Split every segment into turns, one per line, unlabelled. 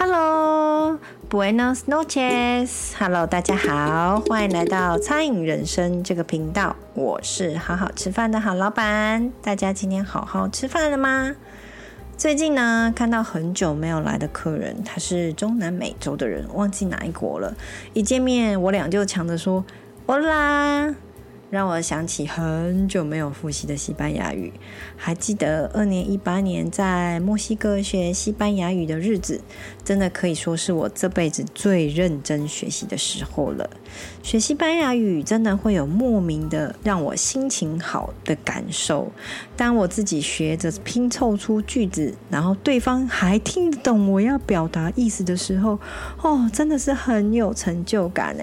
Hello, Buenas noches. Hello，大家好，歡迎來到餐飲人生這個頻道。我是好好吃飯的好老板。大家今天好好吃飯了嗎？最近呢，看到很久沒有來的客人，他是中南美洲的人，忘記哪一國了。一見面，我倆就搶着說：“Hola。”讓我想起很久沒有複習的西班牙語，還記得二零一八年在墨西哥學西班牙語的日子，真的可以說是我這輩子最認真學習的時候了。學西班牙語真的會有莫名的讓我心情好的感受，當我自己學着拼湊出句子，然後對方還聽得懂我要表達意思的時候，哦，真的是很有成就感誒。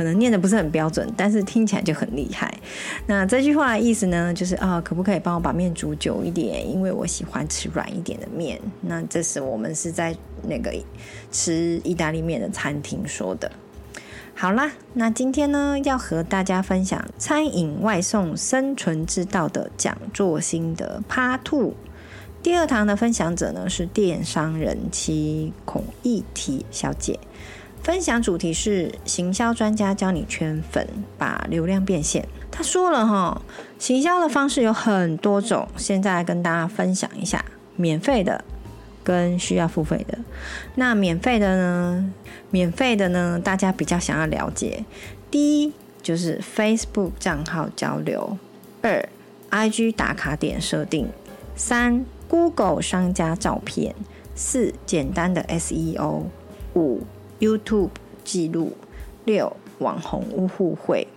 可能念的不是很標準，但是聽起來就很厲害。那這句話的意思呢，就是啊，可不可以幫我把麵煮久一點？因為我喜歡吃軟一點的麵。那這是我們是在那個吃意大利麵的餐廳說的。好啦，那今天呢要和大家分享餐飲外送生存之道的講座心得。趴兔第二堂的分享者呢是電商人妻孔翊緹小姐。分享主題是行銷專家教你圈粉，把流量變現。他說了哈，行銷的方式有很多種，現在來跟大家分享一下，免費的跟需要付費的。那免費的呢？免費的呢？大家比較想要了解，第一就是 Facebook 賬號交流，二 IG 打卡點設定，三 Google 商家照片，四簡單的 SEO，五。YouTube 記錄，六、網紅屋互惠。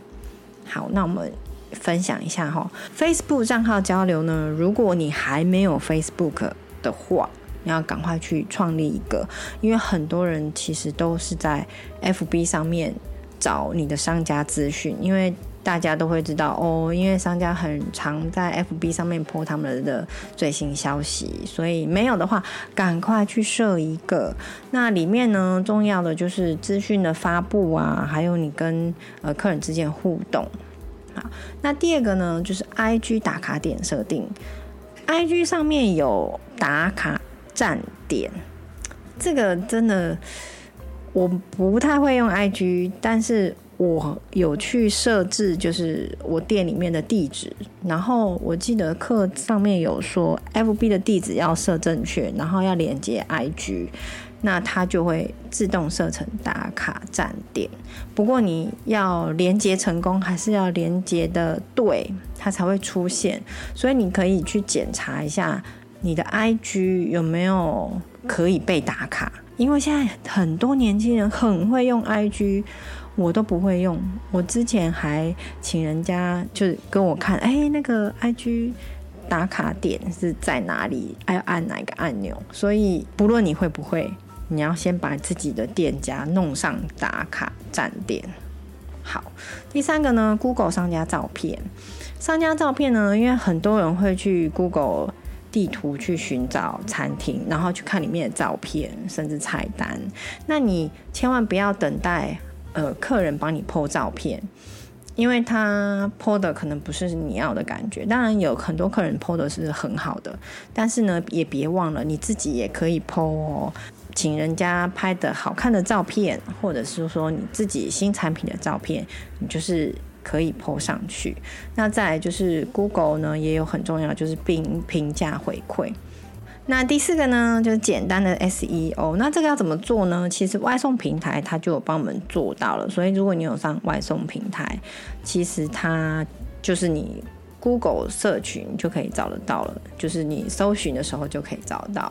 好，那我們分享一下吼，Facebook 賬號交流呢？如果你還沒有 Facebook 的話，你要趕快去創立一個，因為很多人其實都是在 FB 上面找你的商家資訊，因為。大家都會知道哦，因為商家很常在 FB 上面 po 他們的最新消息，所以沒有的話，趕快去設一個。那裡面呢，重要的就是資訊的發布啊，還有你跟呃客人之間的互動。好，那第二個呢，就是 IG 打卡點設定。IG 上面有打卡站點，這個真的我不太會用 IG，但是。我有去設置，就是我店裡面的地址。然後我記得課上面有說，FB 的地址要設正確，然後要連接 IG，那它就會自動設成打卡站點。不過你要連接成功，還是要連接的對，它才會出現。所以你可以去檢查一下你的 IG 有沒有可以被打卡。因為現在很多年輕人很會用 IG，我都不會用。我之前還請人家就跟我看，哎，那個 IG 打卡點是在哪裡，還要按哪個按鈕？所以不論你會不會，你要先把自己的店家弄上打卡站點。好，第三個呢，Google 商家照片。商家照片呢，因為很多人會去 Google。地圖去尋找餐廳，然後去看裡面的照片，甚至菜單。那你千萬不要等待呃客人幫你 PO 照片，因為他 PO 的可能不是你要的感覺。當然有很多客人 PO 的是很好的，但是呢也別忘了你自己也可以 PO 哦，請人家拍的好看的照片，或者是說你自己新產品的照片，你就是。可以 po 上去，那再來就是 Google 呢，也有很重要就是並評價回饋。那第四個呢，就是簡單的 SEO。那這個要怎麼做呢？其實外送平台它就有幫我們做到了，所以如果你有上外送平台，其實它就是你 Google 社群就可以找得到了，就是你搜尋的時候就可以找得到，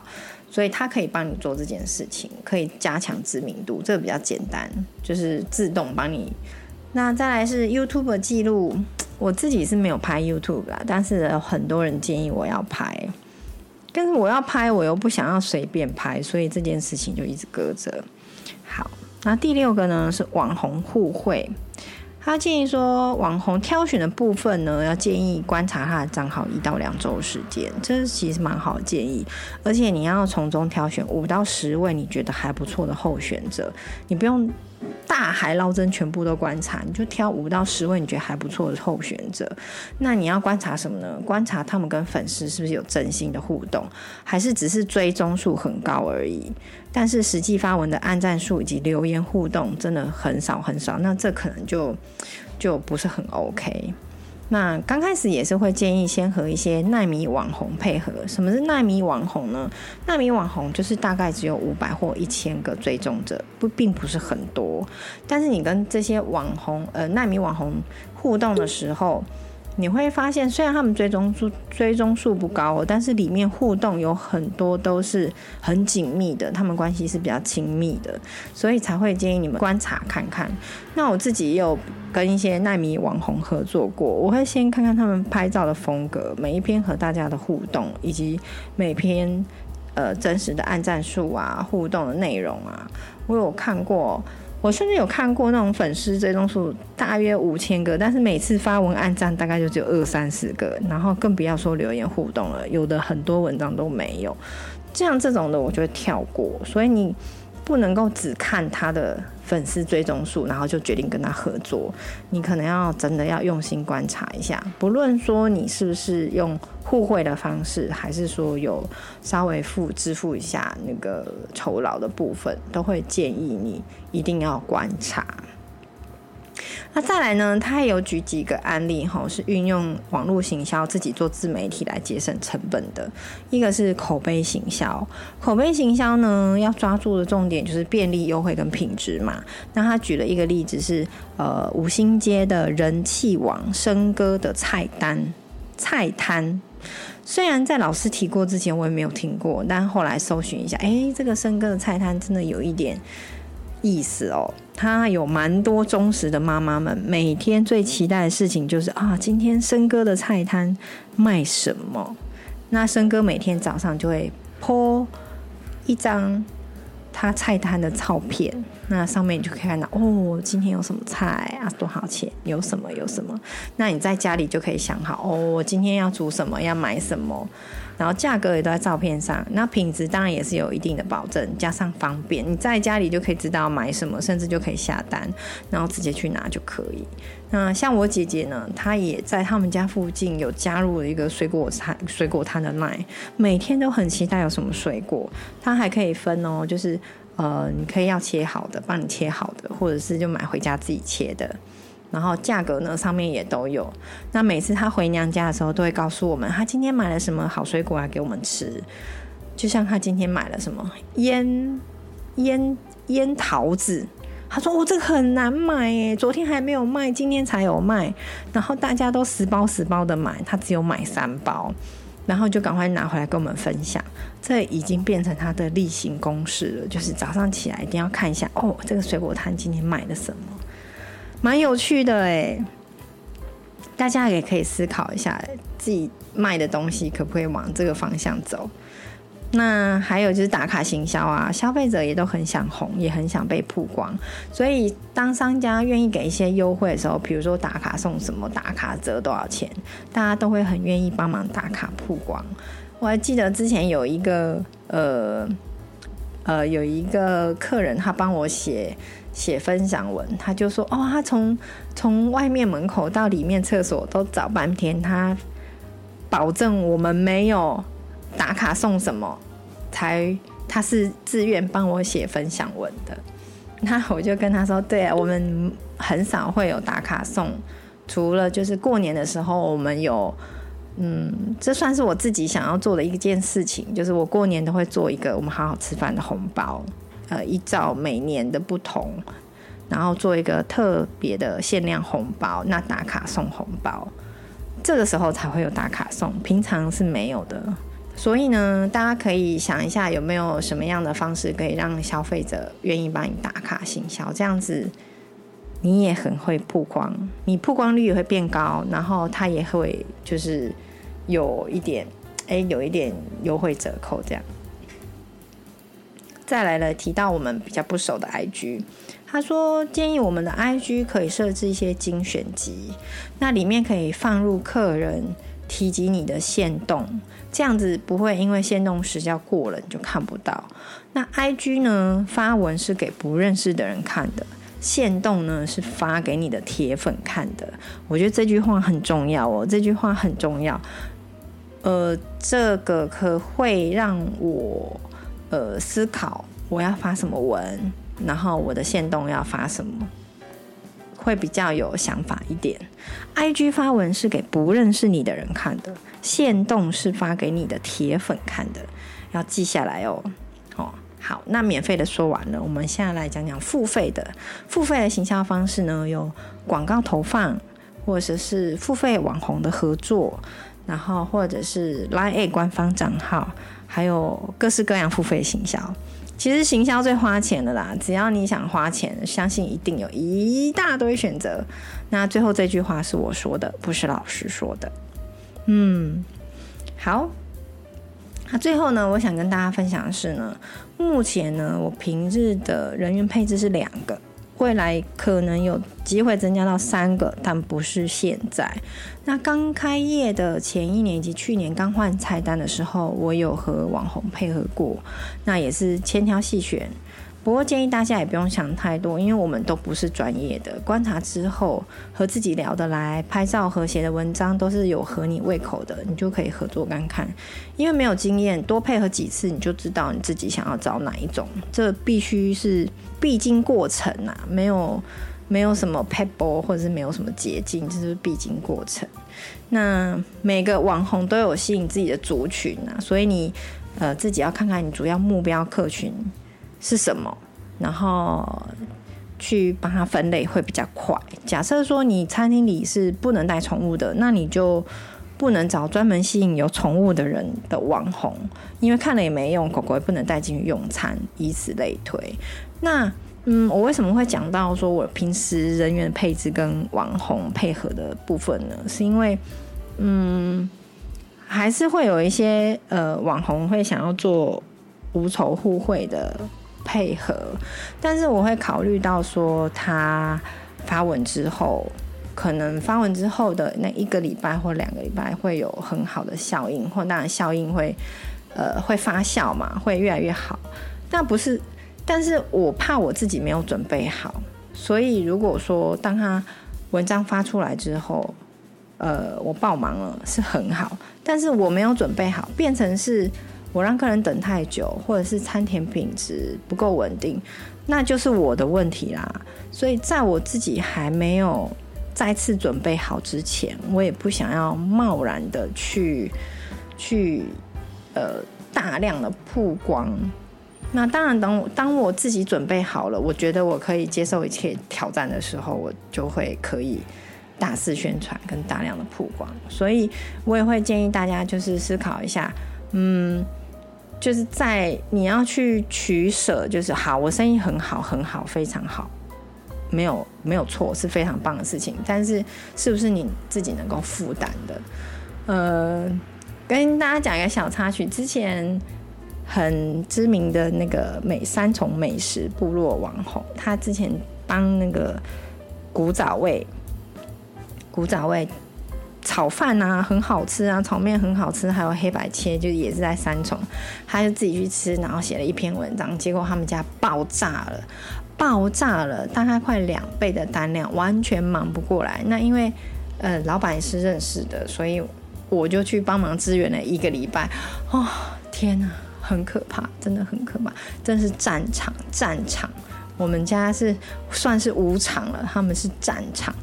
所以它可以幫你做這件事情，可以加強知名度。這個比較簡單，就是自動幫你。那再來是 YouTube 記錄，我自己是沒有拍 YouTube 啦，但是很多人建議我要拍，但是我要拍我又不想要隨便拍，所以這件事情就一直擱着。好，那第六個呢是網紅互惠，他建議說，網紅挑選的部分呢，要建議觀察他的賬號一到兩週時間，這是其實蠻好的建議，而且你要從中挑選五到十位你覺得還不錯的候選者，你不用。大海撈針，全部都觀察，你就挑五到十位你覺得還不錯的候選者。那你要觀察什麼呢？觀察他們跟粉絲是不是有真心的互動，還是只是追蹤數很高而已？但是實際發文的按讚數以及留言互動真的很少很少，那這可能就就不是很 OK。那剛開始也是會建議先和一些奈米網紅配合。什麼是奈米網紅呢？奈米網紅就是大概只有五百或一千個追蹤者，不並不是很多。但是你跟這些網紅，呃，奈米網紅互動的時候。你會發現，雖然他們追蹤數追蹤數不高，但是裡面互動有很多都是很緊密的，他們關係是比較親密的，所以才會建議你們觀察看看。那我自己也有跟一些奈米網紅合作過，我會先看看他們拍照的風格，每一篇和大家的互動，以及每篇呃真實的按讚數啊，互動的內容啊，我有看過。我甚至有看過那種粉絲追蹤數大約五千個，但是每次發文按讚大概就只有二三十個，然後更不要說留言互動了，有的很多文章都沒有。這樣這種的，我就跳過。所以你。不能夠只看他的粉絲追蹤數，然後就決定跟他合作。你可能要真的要用心觀察一下，不論說你是不是用互惠的方式，還是說有稍微付支付一下那個酬勞的部分，都會建議你一定要觀察。那再來呢？他還有舉幾個案例，哈，是運用網絡行銷自己做自媒體來節省成本的。一個是口碑行銷，口碑行銷呢，要抓住的重點就是便利、優惠跟品質嘛。那他舉了一個例子是，呃，五星街的人氣王生哥的菜單菜攤。雖然在老師提過之前我也沒有聽過，但後來搜尋一下，誒、欸，這個生哥的菜攤真的有一點意思哦。他有蠻多忠實的媽媽們，每天最期待的事情就是啊，今天生哥的菜攤賣什麼？那生哥每天早上就會 po 一張他菜攤的照片，那上面你就可以看到哦，今天有什麼菜啊，多少錢？有什麼有什麼？那你在家裡就可以想好哦，我今天要煮什麼，要買什麼。然後價格也都在照片上，那品質當然也是有一定的保證，加上方便，你在家裡就可以知道買什麼，甚至就可以下單，然後直接去拿就可以。那像我姐姐呢，她也在他們家附近有加入了一個水果攤，水果攤的賣，每天都很期待有什麼水果，她還可以分哦，就是呃，你可以要切好的，幫你切好的，或者是就買回家自己切的。然後價格呢，上面也都有。那每次他回娘家的時候，都會告訴我們他今天買了什麼好水果來給我們吃。就像他今天買了什麼醃醃醃桃子，他說：“哦，這個很難買誒，昨天還沒有賣，今天才有賣。”然後大家都十包十包的買，他只有買三包，然後就趕快拿回來跟我們分享。這已經變成他的例行公事了，就是早上起來一定要看一下哦，這個水果攤今天買了什麼。蠻有趣的誒，大家也可以思考一下，自己賣的東西可不可以往這個方向走。那還有就是打卡行銷啊，消費者也都很想紅，也很想被曝光，所以當商家願意給一些優惠的時候，比如說打卡送什麼，打卡折多少錢，大家都會很願意幫忙打卡曝光。我還記得之前有一個呃呃有一個客人，他幫我寫。寫分享文，他就說：“哦，他從從外面門口到裡面廁所都找半天，他保證我們沒有打卡送什麼，才他是自願幫我寫分享文的。”那我就跟他說：“對啊，我們很少會有打卡送，除了就是過年的時候，我們有，嗯，這算是我自己想要做的一件事情，就是我過年都會做一個我們好好吃飯的紅包。”呃，依照每年的不同，然後做一個特別的限量紅包，那打卡送紅包，這個時候才會有打卡送，平常是沒有的。所以呢，大家可以想一下，有沒有什麼樣的方式可以讓消費者願意幫你打卡行銷？這樣子，你也很會曝光，你曝光率也會變高，然後他也會就是有一點，誒，有一點優惠折扣這樣。再來了，提到我們比較不熟的 IG，他說建議我們的 IG 可以設置一些精選集，那裡面可以放入客人提及你的限動，這樣子不會因為限動時效過了你就看不到。那 IG 呢，發文是給不認識的人看的，限動呢是發給你的鐵粉看的。我覺得這句話很重要哦，這句話很重要。呃，這個可會讓我。呃，思考我要發什麼文，然後我的限動要發什麼，會比較有想法一點。IG 發文是給不認識你的人看的，限動是發給你的鐵粉看的，要記下來哦。哦，好，那免費的說完了，我們現在來講講付費的。付費的行銷方式呢，有廣告投放，或者是付費網紅的合作，然後或者是 LINE@ 官方賬號。還有各式各樣付費行銷，其實行銷最花錢的啦。只要你想花錢，相信一定有一大堆選擇。那最後這句話是我說的，不是老師說的。嗯，好。那、啊、最後呢，我想跟大家分享的是呢，目前呢，我平日的人員配置是兩個。未來可能有機會增加到三個，但不是現在。那剛開業的前一年以及去年剛換菜單的時候，我有和網紅配合過，那也是千挑細選。不過建議大家也不用想太多，因為我們都不是專業的。觀察之後和自己聊得來、拍照和寫的文章都是有合你胃口的，你就可以合作看看。因為沒有經驗，多配合幾次你就知道你自己想要找哪一種。這必須是必經過程啊，沒有沒有什麼撇步或者是沒有什麼捷徑，這、就是必經過程。那每個網紅都有吸引自己的族群啊，所以你呃自己要看看你主要目標客群。是什麼？然後去把它分類會比較快。假設說你餐廳裡是不能帶寵物的，那你就不能找專門吸引有寵物的人的網紅，因為看了也沒用，狗狗也不能帶進去用餐，以此類推。那嗯，我為什麼會講到說我平時人員配置跟網紅配合的部分呢？是因為嗯，還是會有一些呃網紅會想要做無酬互惠的。配合，但是我會考慮到說，他發文之後，可能發文之後的那一個禮拜或兩個禮拜會有很好的效應，或當然效應會，呃，會發酵嘛，會越來越好。但不是，但是我怕我自己沒有準備好，所以如果說當他文章發出來之後，呃，我爆忙了是很好，但是我沒有準備好，變成是。我讓客人等太久，或者是餐廳品質不夠穩定，那就是我的問題啦。所以在我自己還沒有再次準備好之前，我也不想要貿然的去去呃大量的曝光。那當然等，等當我自己準備好了，我覺得我可以接受一切挑戰的時候，我就會可以大肆宣傳跟大量的曝光。所以我也會建議大家就是思考一下，嗯。就是在你要去取捨，就是好，我生意很好，很好，非常好，沒有沒有錯，是非常棒的事情。但是是不是你自己能夠負擔的？呃，跟大家講一個小插曲，之前很知名的那個美三重美食部落網紅，他之前幫那個古早味，古早味。炒飯啊，很好吃啊，炒麵很好吃，還有黑白切，就也是在三重，他就自己去吃，然後寫了一篇文章，結果他們家爆炸了，爆炸了，大概快兩倍的單量，完全忙不過來。那因為呃老闆也是認識的，所以我就去幫忙支援了一個禮拜。哦，天啊，很可怕，真的很可怕，真是戰場戰場。我們家是算是無場了，他們是戰場。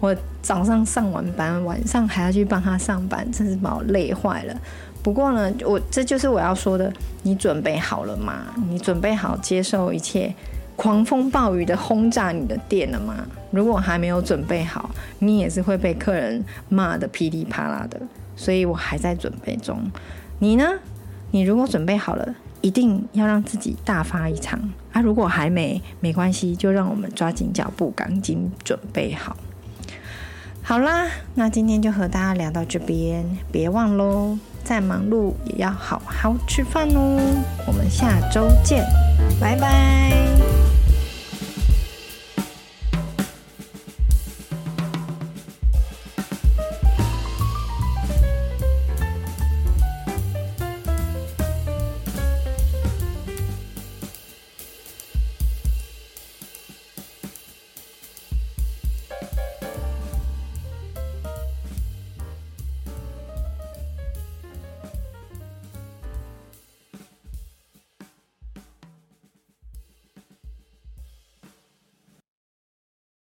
我早上上完班，晚上還要去幫他上班，真是把我累壞了。不過呢，我這就是我要說的，你準備好了嗎？你準備好接受一切狂風暴雨的轟炸你的店了嗎？如果還沒有準備好，你也是會被客人罵得噼里啪啦的。所以我還在準備中。你呢？你如果準備好了，一定要讓自己大發一場啊！如果還沒，沒關係，就讓我們抓緊腳步，趕緊準備好。好啦，那今天就和大家聊到這邊，別忘嘍，再忙碌也要好好吃飯哦。我們下周見，拜拜。